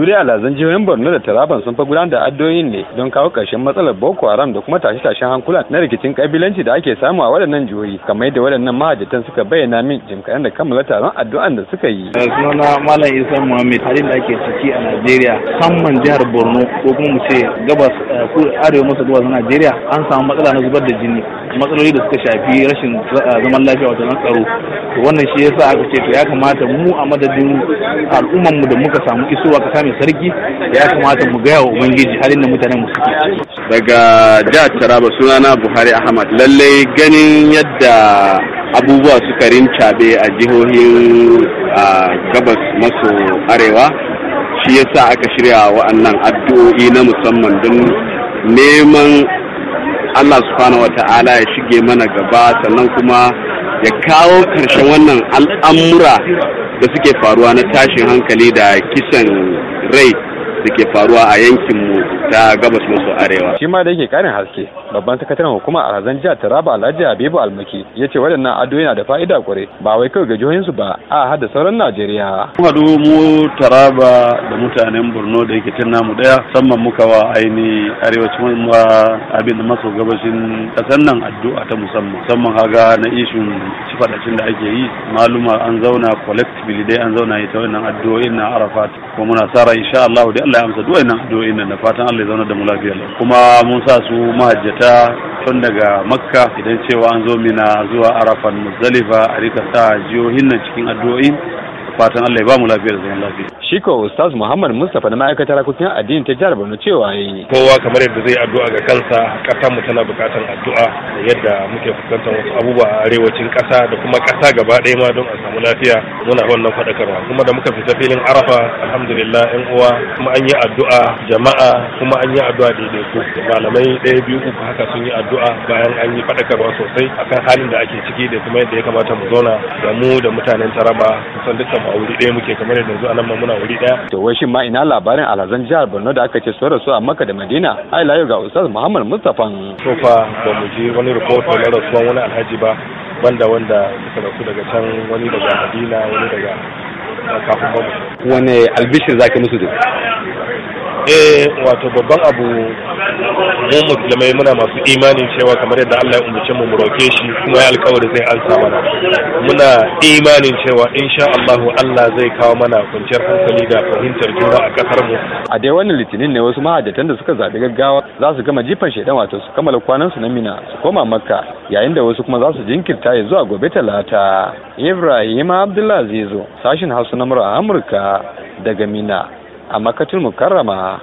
su dai alazan jihohin borno da taraban sun fa gudanar da addoyin ne don kawo ƙarshen matsalar boko haram da kuma tashe-tashen hankula na rikicin kabilanci da ake samu a waɗannan jihohi kamar yadda waɗannan mahajjatan suka bayyana min jim kaɗan da kammala taron addu'an da suka yi. Eh, sunana malam isa muhammed halin da ake ciki a najeriya musamman jihar borno ko kuma mu ce gabas eh, arewa maso gabas na najeriya an samu matsala na zubar da jini matsaloli da suka shafi rashin eh, zaman lafiya wata nan tsaro wannan shi yasa aka ce to ya kamata mu a madadin al'umman mu da muka samu isowa ka kame sarki ya kamata mu gaya wa ubangiji halin da mutanen mu suke daga jihar Taraba sunana Buhari Ahmad lallai ganin yadda abubuwa suka rincabe a jihohin gabas maso arewa shi yasa aka shirya wa'annan addu'o'i na musamman don neman Allah subhanahu wata'ala ya shige mana gaba sannan kuma ya kawo karshen wannan al'amura da suke faruwa na tashin hankali da kisan rai da ke faruwa a yankin ta gabas maso arewa. Shi ma da yake karin haske babban sakataren hukuma a hazan jihar Taraba Alhaji Habibu Almaki ya ce waɗannan ado yana da fa'ida kwarai ba wai kawai ga su ba a hada sauran Najeriya. Mun haɗu mu Taraba da mutanen Borno da yake tun mu daya musamman muka wa aini arewacin wa abin da maso gabashin kasan nan addu'a ta musamman musamman haga na ishin cifadacin da ake yi maluma an zauna collectively dai an zauna ita wannan addu'o'in na Arafat kuma muna sa ran insha Allah da Allah ya amsa duk wannan addu'o'in nan da fatan Allah ya zauna da mu lafiya kuma mun sa su mahajjata tun daga Makka idan cewa an zo mina zuwa Arafan Muzdalifa a rika sa jihohin nan cikin addu'o'in fatan Allah ya ba mu lafiya da zaman lafiya shi ko ustaz Muhammad Mustapha na ma'aikatar harkokin addini ta jihar Borno cewa ya yi kowa kamar yadda zai addu'a ga kansa kasar mu tana bukatar addu'a da yadda muke fuskantar wasu abubuwa a arewacin ƙasa da kuma ƙasa gaba ɗaya ma don a samu lafiya muna wannan faɗakarwa kuma da muka fita filin Arafa alhamdulillah yan uwa kuma an yi addu'a jama'a kuma an yi addu'a daidai ku malamai ɗaya biyu uku haka sun yi addu'a bayan an yi faɗakarwa sosai akan halin da ake ciki da kuma yadda ya kamata mu zauna da mu da mutanen taraba kusan dukkan a wuri ɗaya muke kamar yanzu a nan ma muna wuri ɗaya. to wai shin ma ina labarin alhazan jihar borno da aka ce su rasu a makka da madina ai layo ga ustaz muhammad mustapha. so fa ba mu ji wani rahoto na rasuwan wani alhaji ba banda wanda suka rasu daga can wani daga madina wani daga kafin wani albishir zaki musu duk eh wato babban abu mu musulmai muna masu imanin cewa kamar yadda Allah ya umarce mu mu roke shi kuma ya alkawari zai ansa mana muna imanin cewa insha Allah Allah zai kawo mana kwanciyar hankali da fahimtar juna a kasar mu a dai wannan litinin ne wasu mahajjatan da suka zaɓi gaggawa za su gama jifan shaidan wato su kammala kwanan su na mina su koma makka yayin da wasu kuma za su jinkirta ya zuwa gobe talata ibrahim abdullahi zizo sashin hausa na amurka daga mina a makatul mukarrama